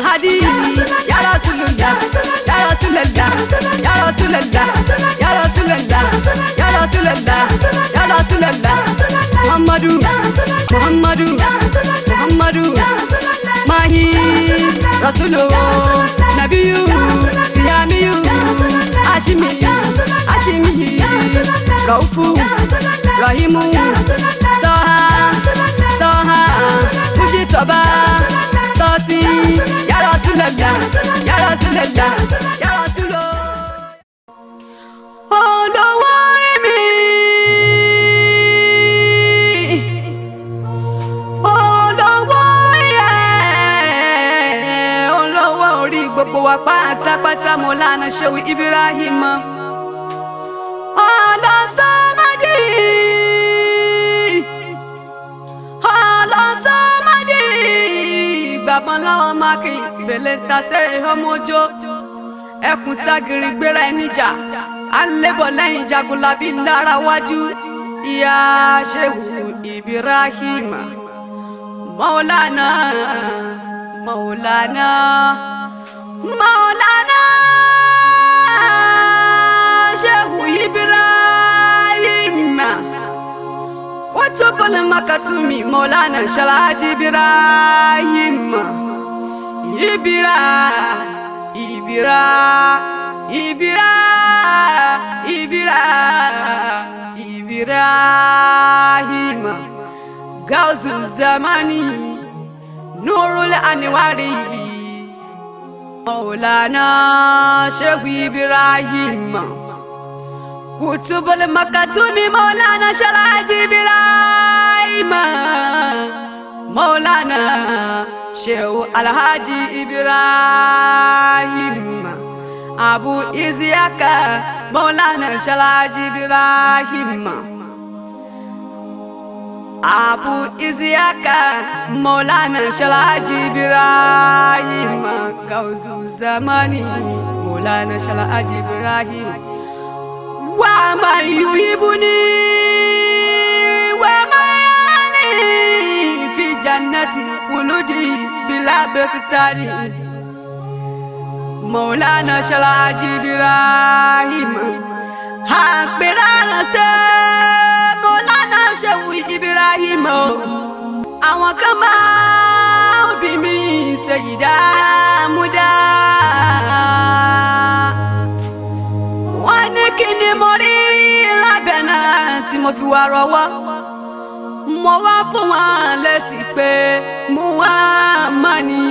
Hadi, ya Rasulullah ya Rasulullah ya Rasulullah ya Rasulullah ya Rasulullah ya Rasulullah Muhammadu Muhammadu Muhammadu mahi Rasulu Nabiyu Siyamiyu Ashimi Ashimi Raufu Rahimu Taha Taha Mujitoba Tosi lọ́la yàrá sí lọ́la yàrá sí lọ. olówó rí mi olówó yẹ olówó orí gbogbo wa pátápátá mo lánàá ṣe Ibrahim ọlọ́sàn. ọmọ lọ́wọ́ mákì bèlè tasẹ́ ìhọ́mọ́jọ́ ẹkùn tágìrì gbéra ẹni jà á lébọ̀ lẹ́yìn jagunlabi lára wájú ìyá ṣéwù Ibrahim Maulana Maulana Maulana ṣéwù Ibrahim. وتبل مكتومي مولانا شلاج إبراهيم إبرا إبرا إبرا إبرا إبراهيم غوز الزمان نور الأنوار مولانا شيخ إبراهيم وتوب المكتون مولانا شرعج إبراهيم مولانا شيو الحاج إبراهيم أبو إزياك مولانا شرعج إبراهيم أبو إزياك مولانا شرعج إبراهيم كوز زماني مولانا شرعج إبراهيم ومن يحبني ومن يراني في جنة خلدي بلا بكتالي مولانا شلعج إبراهيم àpèrànà ṣe mọ́lánà ṣèwì Ibrahim o àwọn kan máa ń bí mi ṣèyí dáadáa wọ́n ní kí ni mo rí lábẹ́ náà tí mo fi wá rọwọ́ mo wá fún wọn lésì pé mo wá má ní.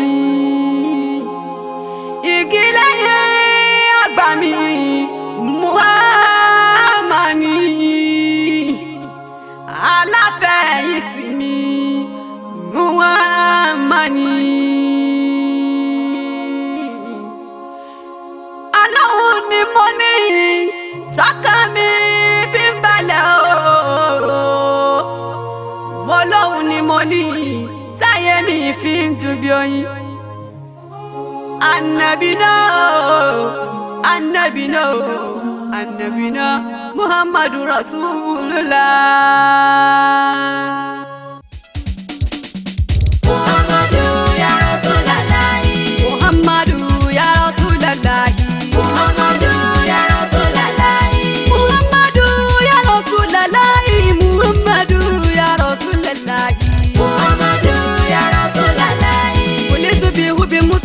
igi lẹ́yìn àgbà mi mo wá má ní. aláfẹ̀yìntì mi mo wá má ní. sọ́kàn mi fi ń balẹ̀ ooo mo lóhun ni mo ní sáyé mi fi ń dùn bí oyin ànàbì náà ànàbì náà ànàbì náà muhammadu rasulullah.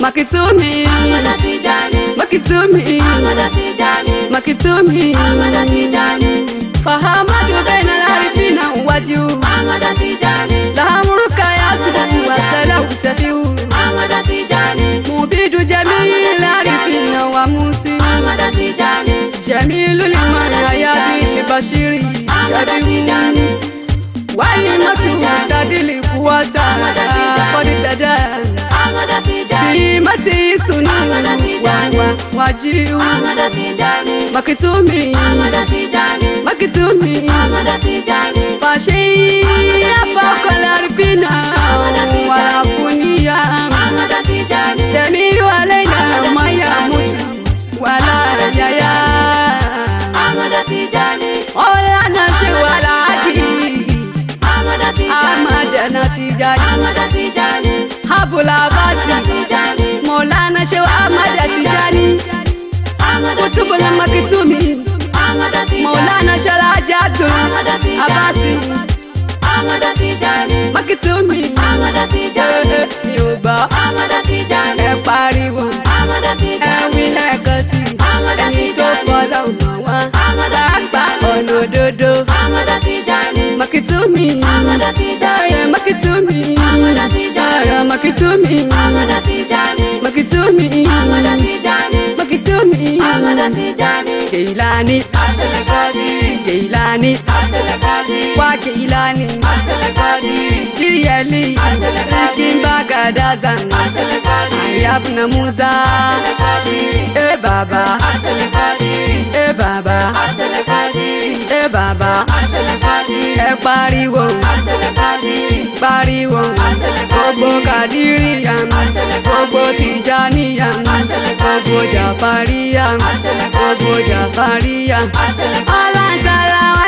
Makitumi Ahmada Makitumi Ahmada Makitumi Ahmada Tijani Fahamadu baina al-arifina wajhu Ahmada Tijani Lahamuruka ya usafiu. wa salahu safiu Ahmada Tijani Mubidu jamii al-arifina wa musi Ahmada Tijani Jamilu limana ya bili bashiri Ahmada Tijani Wali matu sadili kuwata Ahmada Kodi sadani biimati sunu wawa wajiu makitumi makitumi fashei afakolaribina warafuni. Abasi Maulana Shehu Ahmad Atijani Kutubul Maktumi Maulana Sharaji Abdul Abasi Maktumi eh, eh, Yorùbá ẹ eh, pariwo ẹ wí lẹ́ẹ̀kan sí ẹni tó fọlọ́ mọ̀ wá lágbà ọ̀nà òdodo. Makitumi Amada Tijani Makitumi Amada Tijani Makitumi Amada Tijani Makitumi Amada Tijani Makitumi Amada Tijani Jailani Abdul Qadir ani kwake ilani liyali kimba gadazan ayabna musa e baba e baba e baba ẹ e pariwo pariwo gbogbo kadiriyan gbogbo tijaniyan gbogbo jafariyan gbogbo jafariyan ọlọ́ntara wa.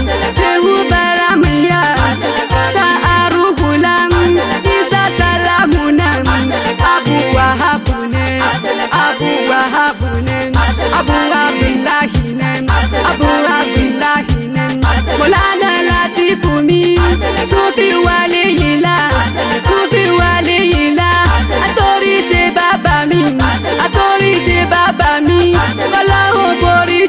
wahabu nen abu abdullahi nen abu abdullahi nen mọlánà látìfù mi tún fi wálé yìí la tún fi wálé yìí la àtòrí ṣe mi àtòrí ṣe bàbá mi ọlọ́run borí.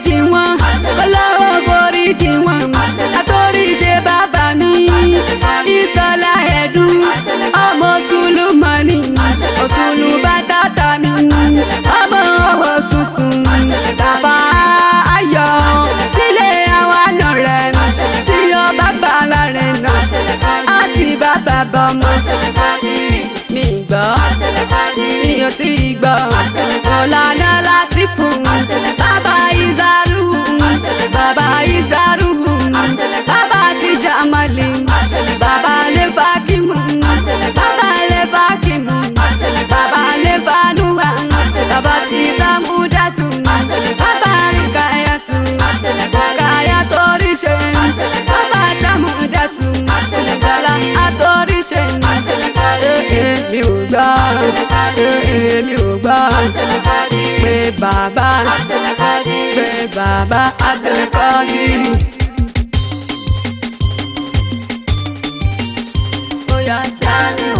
bá mọ́ mi gbọ́ mi ò tí ì gbọ́ ọ̀làdá láti fún bàbá ìzàrú bàbá ìzàrú bàbá tíjà mọ́lì bàbá lè bá kí mu bàbá lè bá kí mu bàbá lè bá nùwà bàbá títà mú dàtú bàbá rí káyà tù. èmi ò gbọ́ pé bàbá pé bàbá Abdulkadir. Oya Jamiu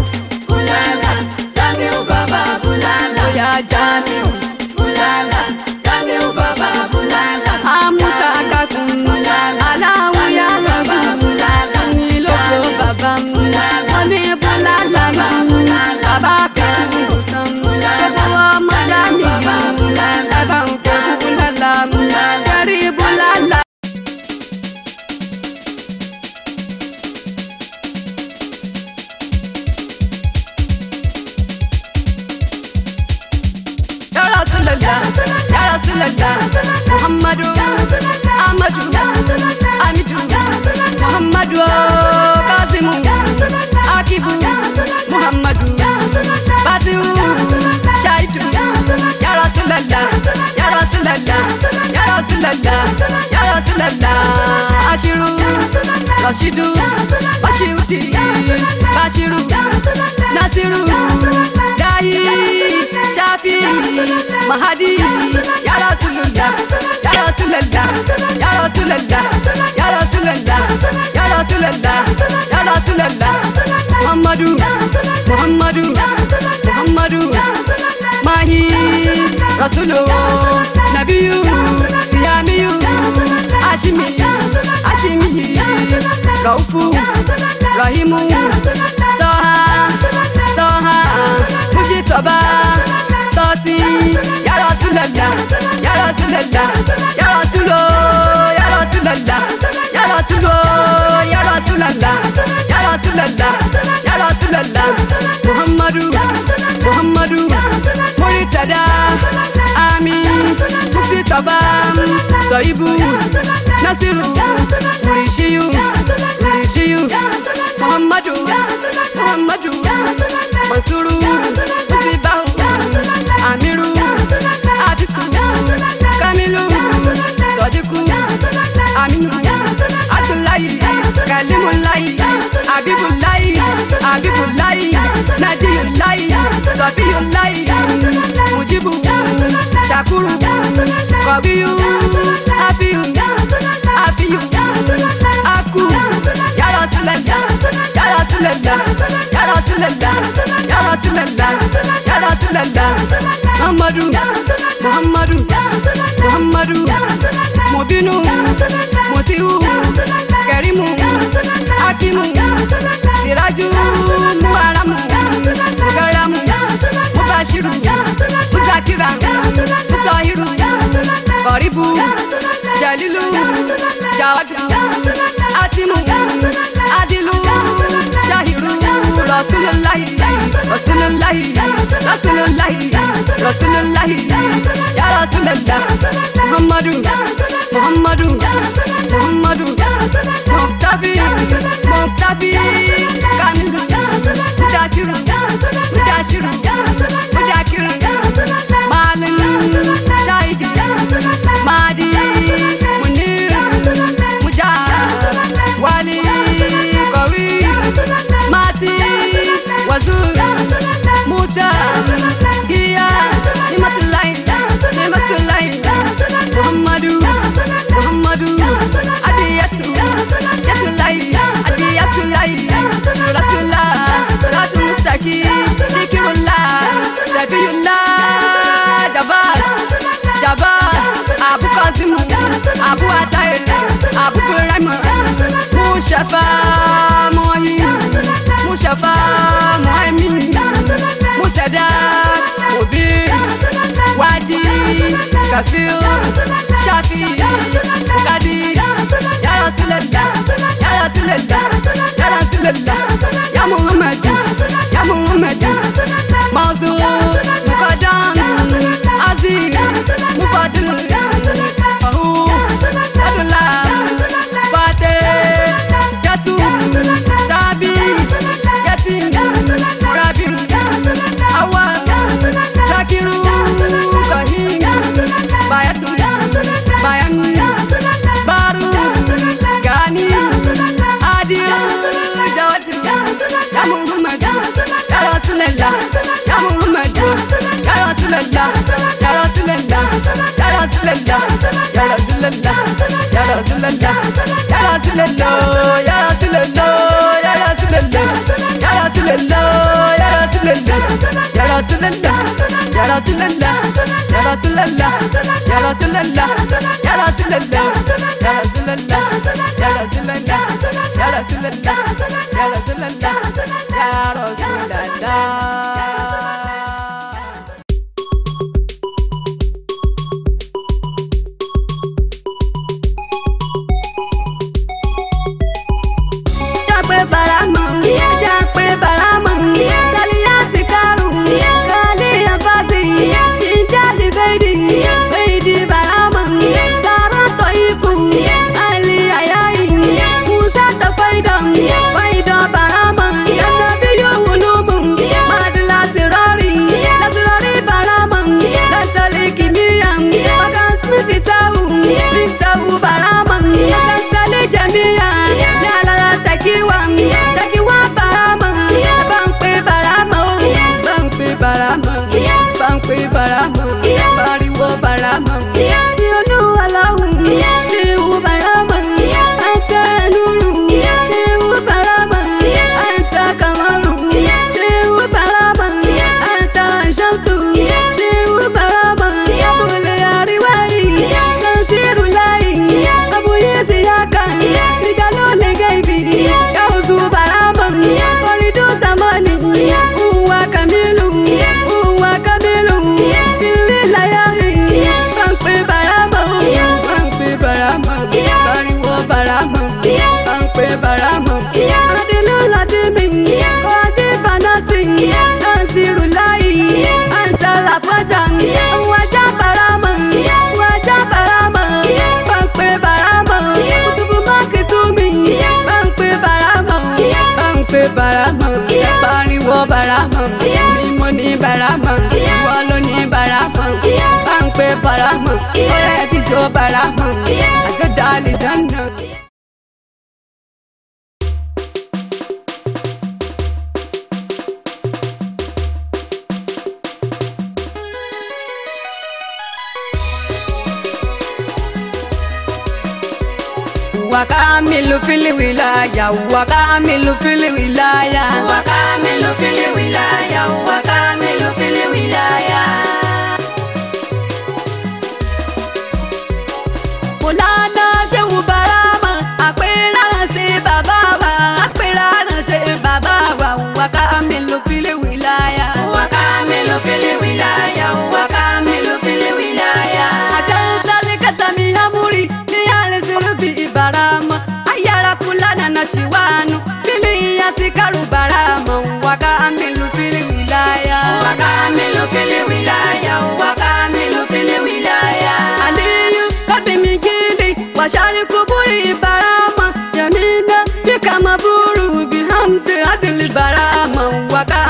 Bulala Jamiu bàbá Bulala. Oya Jamiu. ነጋ ሙሐመዱ አህመዱ አሚዱ ሙሐመዱ ቃሲሙ አኪቡ ሙሐመዱ ባቲኡ ሻይዱ ያራሱለላ ያራሱለላ ያራሱለላ ያራሱለላ አሽሩ ረሺዱ ባሺውዲ ባሽሩ ናሲሩ Nail, Şafi, Mahadi Ya Resulallah, Ya Resulallah, Ya Resulallah, Ya Resulallah, Ya Resulallah, Ya Resulallah Muhammadu, Muhammadu, Muhammadu Mahi, Resulü, Nebiyyü, Siyamiyyü Haşimi, Haşimi Raufu, Rahimu saba tọ́sí ya Rasulallah ya Rasulallah ya Rasulo ya Rasulallah ya Rasulo ya Rasulallah ya Rasulallah ya Rasulallah Muhammadu Muhammadu Muritada Ami Musitaba Toibu Nasiru Murishiyu. Najiullahi Najiullahi Sabiyullahi Mujibu Shakuru Qawiyu Afiyu Afiyu Aku Ya Rasulallah Ya Rasulallah Ya Rasulallah Ya Rasulallah Ya Rasulallah Muhammadu Muhammadu Muhammadu Mubinu Mutihu Habibu Jalilu Jawadu Atimu Adilu Shahiru Rasulullahi Rasulullahi Rasulullahi Rasulullahi Ya Rasulullah Muhammadu Muhammadu Muhammadu Mọ̀tàbí Mọ̀tàbí Kamilu Mudakiru Mudakiru Mudakiru. Kafiu, Shafi, Bukadi, Yara Sulela, Yara Sulela, Yara Resulallah Ya Resulallah Ya Resulallah Ya Resulallah Ya Resulallah Ya Resulallah Ya Resulallah Ya Resulallah Ya Resulallah Ya Resulallah Ya Resulallah Ya Resulallah Ya Resulallah Ya Resulallah Ya Resulallah Ya Resulallah Ya Resulallah Paramount ni mo ní Paramount ìwọ ló ni Paramount bá ń pè Paramount ó yẹ ti jó Paramount àjọjà lè dáná. kamilu fili wilaya wa kamilu fili wilaya wa kamilu fili wilaya wa kamilu fili wilaya Mọ̀lánà Ṣéwù Barama àpérà sí bàbá wa àpérà ṣe bàbá wa wa kamilu fili wilaya wa kamilu fili wilaya wa. shiwanu fili ya sikaru barama waka amilu fili wilaya waka amilu fili wilaya waka amilu fili wilaya aliyu kabi migili washari kuburi barama yanina bikamaburu bihamdi adili barama waka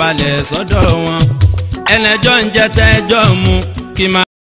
balẹ̀ sọ́dọ̀ wọn ẹlẹ́jọ́ ń jẹ tẹ́jọ́ mu kí má.